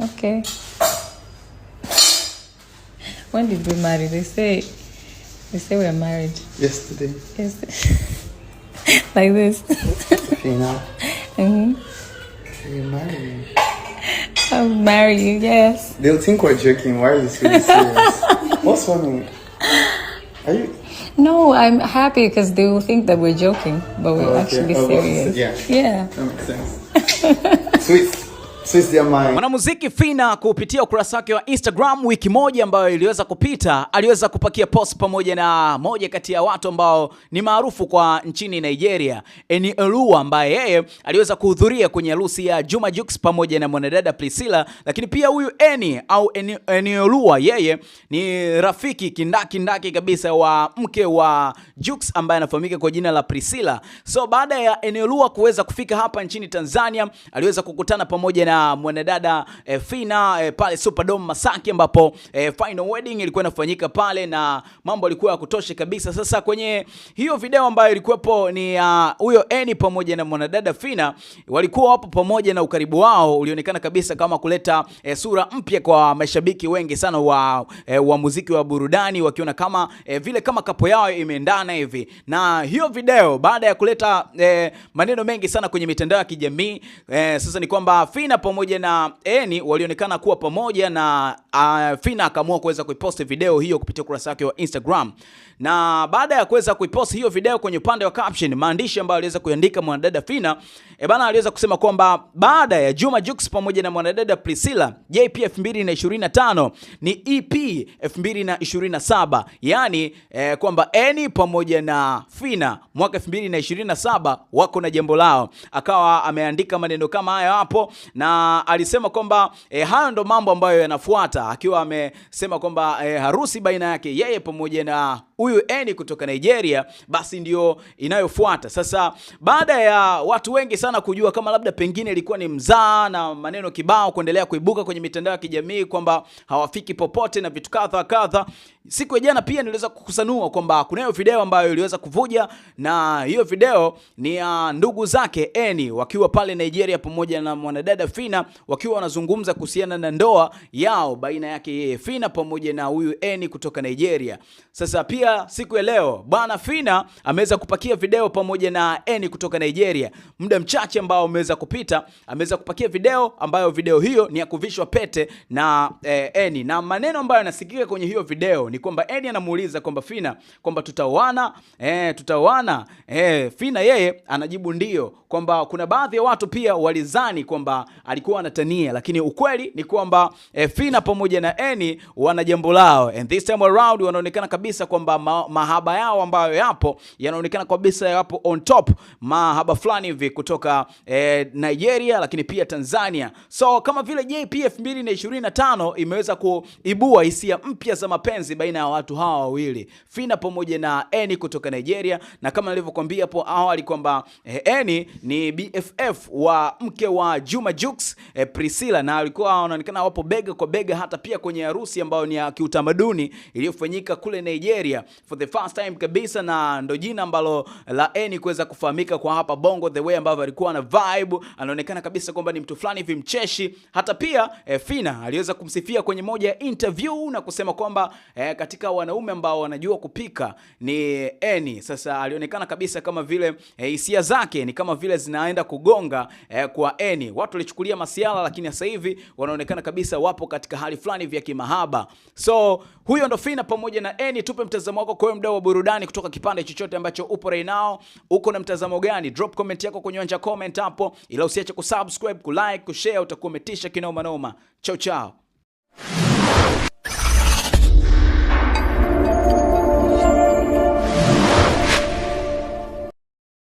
Okay. When did we marry? They say they say we are married. Yesterday. Yes. like this. okay now. Mm-hmm. You marry I'll marry you, yes. They'll think we're joking. Why are you so serious? What's funny? Are you no, I'm happy because they will think that we're joking, but we're oh, okay. actually oh, serious. yeah. Yeah. That makes sense. Sweet. Mwanamuziki Phina kupitia ukurasa wake wa Instagram wiki moja ambayo iliweza kupita, aliweza kupakia post pamoja na moja kati ya watu ambao ni maarufu kwa nchini Nigeria, Eni Elua, ambaye yeye aliweza kuhudhuria kwenye harusi ya Juma Jux pamoja na mwanadada Priscilla. Lakini pia huyu Eni au Eni, Eni Elua yeye ni rafiki kindakindaki kabisa wa mke wa Jux ambaye anafahamika kwa jina la Priscilla. So baada ya Eni Elua kuweza kufika hapa nchini Tanzania, aliweza kukutana pamoja na mwanadada e, Fina e, pale Superdome Masaki ambapo e, final wedding ilikuwa inafanyika pale na mambo yalikuwa ya kutosha kabisa. Sasa kwenye hiyo video ambayo ilikuwepo ni ah, huyo uh, Eni pamoja na mwanadada Fina walikuwa wapo pamoja, na ukaribu wao ulionekana kabisa kama kuleta e, sura mpya kwa mashabiki wengi sana wa, e, wa muziki wa burudani wakiona kama e, vile kama kapo yao imeendana hivi, na hiyo video baada ya kuleta e, maneno mengi sana kwenye mitandao ya kijamii e, sasa ni kwamba Fina pamoja na Eni walionekana kuwa pamoja na uh, Fina akaamua kuweza kuiposti video hiyo kupitia ukurasa wake wa Instagram, na baada ya kuweza kuiposti hiyo video, kwenye upande wa caption, maandishi ambayo aliweza kuandika mwanadada Fina e bana, aliweza kusema kwamba baada ya Juma Jux pamoja na mwanadada Priscilla JP 2025 ni EP 2027, yani eh, kwamba Eni pamoja na Fina mwaka 2027 wako na jambo lao, akawa ameandika maneno kama haya hapo na alisema kwamba e, haya ndo mambo ambayo yanafuata, akiwa amesema kwamba e, harusi baina yake yeye pamoja na huyu Eni kutoka Nigeria basi ndio inayofuata. Sasa baada ya watu wengi sana kujua kama labda pengine ilikuwa ni mzaa na maneno kibao kuendelea kuibuka kwenye mitandao ya kijamii kwamba hawafiki popote na vitu kadha kadha, siku ya jana pia niliweza kukusanua kwamba kunayo video ambayo iliweza kuvuja, na hiyo video ni ya ndugu zake Eni wakiwa pale Nigeria pamoja na mwanadada Fina wakiwa wanazungumza kuhusiana na ndoa yao baina yake yeye Fina pamoja na huyu Eni kutoka Nigeria. Sasa pia siku ya leo bwana Fina ameweza kupakia video pamoja na Eni kutoka Nigeria. Muda mchache ambao umeweza kupita, ameweza kupakia video ambayo video hiyo ni ya kuvishwa pete na eh, Eni na maneno ambayo yanasikika kwenye hiyo video ni kwamba Eni anamuuliza kwamba Fina kwamba tutaoana, eh, tutaoana. Eh, Fina yeye anajibu ndio kwamba kuna baadhi ya watu pia walizani kwamba alikuwa anatania, lakini ukweli ni kwamba e, Fina pamoja na Eni wana jambo lao, and this time around wanaonekana kabisa kwamba ma, mahaba yao ambayo yapo yanaonekana kabisa yapo on top, mahaba fulani hivi kutoka e, Nigeria, lakini pia Tanzania. So kama vile JPF 2025 imeweza kuibua hisia mpya za mapenzi baina ya watu hawa wawili, Fina pamoja na Eni kutoka Nigeria, na kama nilivyokuambia hapo awali kwamba e, Eni ni BFF wa mke wa Juma Juk Brooks eh, Priscilla na alikuwa wanaonekana wapo bega kwa bega hata pia kwenye harusi ambayo ni ya kiutamaduni iliyofanyika kule Nigeria for the first time kabisa, na ndo jina ambalo la Eni kuweza kufahamika kwa hapa Bongo, the way ambavyo alikuwa na vibe, anaonekana kabisa kwamba ni mtu fulani hivi mcheshi. Hata pia eh, Fina aliweza kumsifia kwenye moja ya interview na kusema kwamba eh, katika wanaume ambao wanajua kupika ni Eni. Sasa alionekana kabisa kama vile eh, hisia eh, zake ni kama vile zinaenda kugonga eh, kwa Eni. Watu walichukulia kuchukulia masiala, lakini sasa hivi wanaonekana kabisa wapo katika hali fulani vya kimahaba. So huyo ndo Fina pamoja na Eni. Tupe mtazamo wako kwa mdau wa burudani kutoka kipande chochote ambacho upo right now. Uko na mtazamo gani? Drop comment yako kwenye uwanja comment hapo, ila usiache kusubscribe, kulike, kushare, utakuwa umetisha kinoma noma. Chao chao.